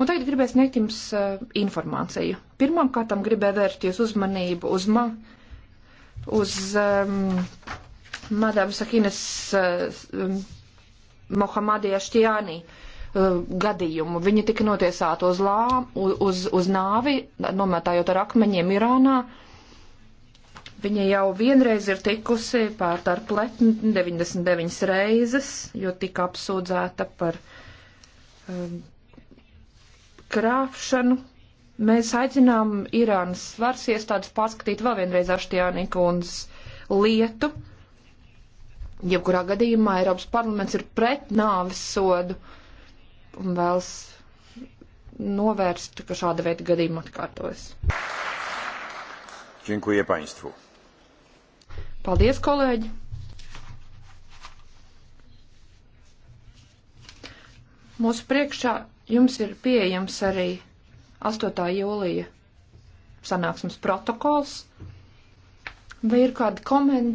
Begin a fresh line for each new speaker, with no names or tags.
Un tagad gribēju sniegt jums uh, informāciju. Pirmām kārtām gribēju vērties uzmanību uz, ma, uz um, ehm, Madāmas Akinas uh, eh, Mohamadija Šķijānī uh, eh, gadījumu. Viņa tika notiesāta uz, lā, uz, uz nāvi, nometājot ar akmeņiem Irānā. Viņa jau vienreiz ir tikusi pārt ar pletni 99 reizes, jo tika apsūdzēta par um, krāpšanu. Mēs aicinām Irānas svars iestādes pārskatīt vēl vienreiz Aštijāni kundzes lietu. Jebkurā gadījumā Eiropas parlaments ir pret nāves sodu un vēlas novērst, ka šāda veida gadījuma atkārtojas.
Dziękuję Państwu.
Paldies, kolēģi! Mūsu priekšā jums ir pieejams arī 8. jūlija sanāksmes protokols. Vai ir kādi komentāri?